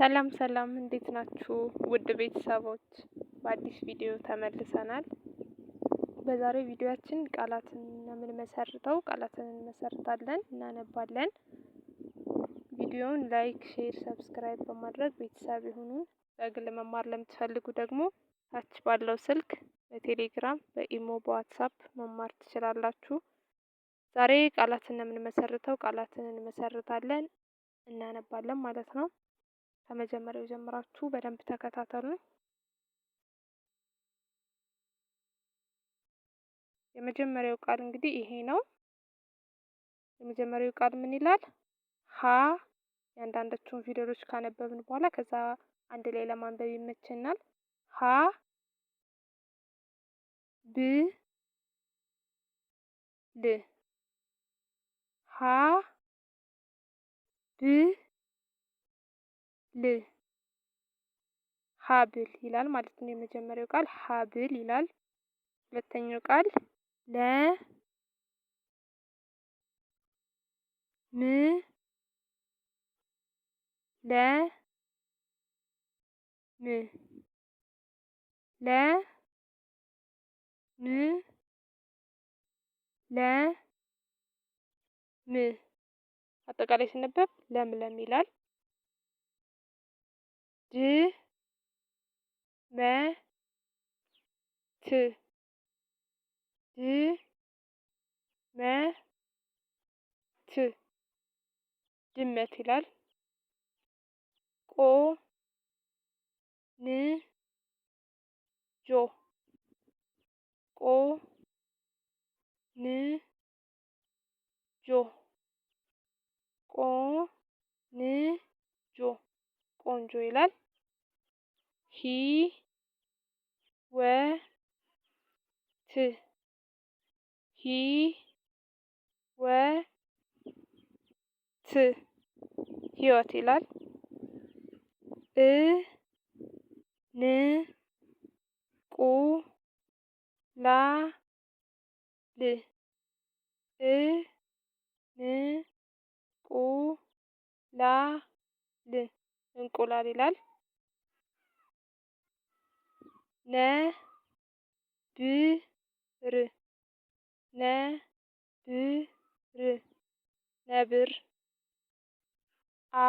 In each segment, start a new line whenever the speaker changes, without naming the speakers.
ሰላም ሰላም፣ እንዴት ናችሁ ውድ ቤተሰቦች? በአዲስ ቪዲዮ ተመልሰናል። በዛሬው ቪዲዮያችን ቃላትን የምንመሰርተው። ቃላትን እንመሰርታለን፣ እናነባለን። ቪዲዮውን ላይክ፣ ሼር፣ ሰብስክራይብ በማድረግ ቤተሰብ የሆኑ በግል መማር ለምትፈልጉ ደግሞ ታች ባለው ስልክ በቴሌግራም በኢሞ በዋትሳፕ መማር ትችላላችሁ። ዛሬ ቃላትን የምንመሰርተው። ቃላትን እንመሰርታለን፣ እናነባለን ማለት ነው። ከመጀመሪያው ጀምራችሁ በደንብ ተከታተሉ። የመጀመሪያው ቃል እንግዲህ ይሄ ነው። የመጀመሪያው ቃል ምን ይላል? ሀ የአንዳንዳቸውን ፊደሎች ካነበብን በኋላ ከዛ አንድ ላይ ለማንበብ ይመቸናል። ሀ ብ ል ሀ ብ ል ሀብል ይላል ማለት ነው። የመጀመሪያው ቃል ሀብል ይላል። ሁለተኛው ቃል ለ ም ለ ም ለ ም ለ ም አጠቃላይ ሲነበብ ለምለም ይላል። D M T D M T ድመት ይላል። ቆ ን ጆ ቆ ን ጆ ቆ ን ቆንጆ ይላል። ሂ ወ ት ሂ ወ ት ህይወት ይላል። እ ን ቁ ላ ል እ ን ቁ ላ ል እንቁላል ይላል። ነ ነ ብ ር ነብር አ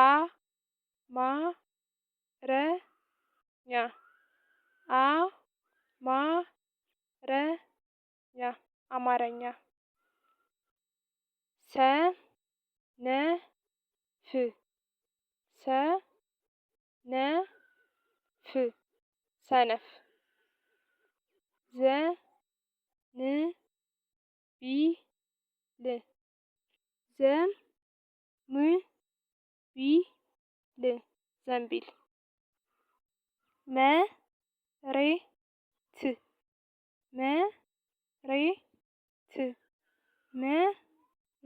አ ማ ነብር ነብር አማረኛ አማረኛ አማረኛ አማረኛ Sen ne fü. Sen ne fü. Senef. Z? ne bi li. Ze mı bi li. Zembil. Me re t. Me re t. Me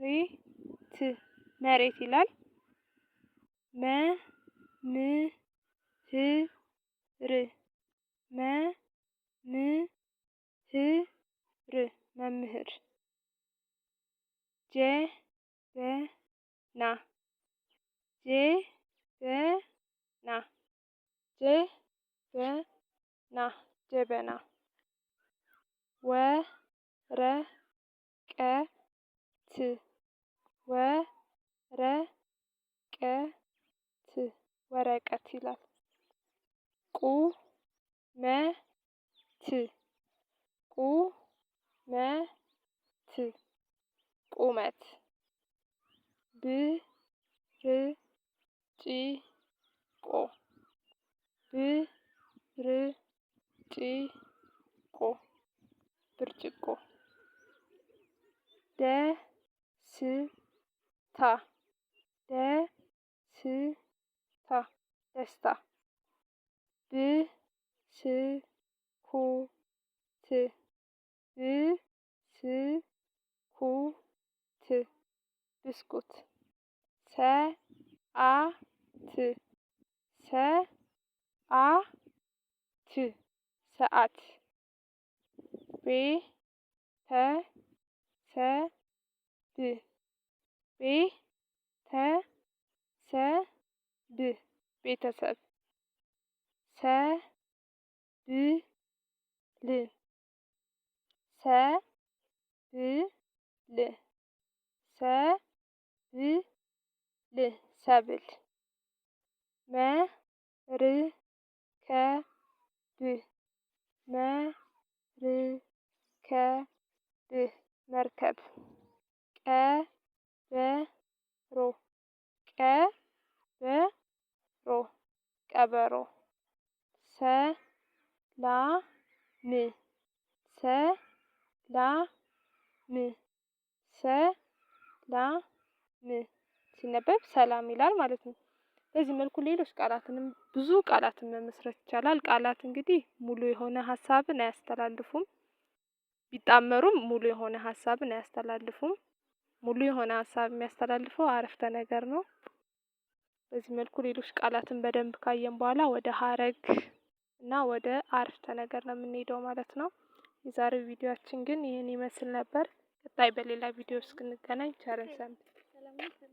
ሪት መሬት ይላል። መ ም ህ ር መ ም ህ ር መምህር ጀ በ ና ጀ በ ና ጀ በ ና ጀበና ወ ረ ቀ ት ወረቀት ወረቀት ይላል። ቁመት ቁመት ቁመት ብርጭቆ ብርጭቆ ብርጭቆ ደ ደስታ ደስታ ደስታ ብስኩት ብስኩት ብስኩት ሰዓት ሰዓት ሰዓት ቤተሰብ ቤተሰብ ቤተሰብ ሰ ብ ል ሰ ብ ል ሰ ብ ል ሰብል መ ር ከ ብ መ ር ከ ብ መርከብ ቀ በሮ ቀበሮ ቀበሮ ሰላም ሰላም ሰላም ሲነበብ ሰላም ይላል ማለት ነው። በዚህ መልኩ ሌሎች ቃላትንም ብዙ ቃላትን መመስረት ይቻላል። ቃላት እንግዲህ ሙሉ የሆነ ሀሳብን አያስተላልፉም ቢጣመሩም ሙሉ የሆነ ሀሳብን አያስተላልፉም ሙሉ የሆነ ሀሳብ የሚያስተላልፈው አረፍተ ነገር ነው። በዚህ መልኩ ሌሎች ቃላትን በደንብ ካየን በኋላ ወደ ሀረግ እና ወደ አረፍተ ነገር ነው የምንሄደው ማለት ነው። የዛሬው ቪዲዮችን ግን ይህን ይመስል ነበር። ቀጣይ በሌላ ቪዲዮ እስክንገናኝ ቸር ሰንብቱ።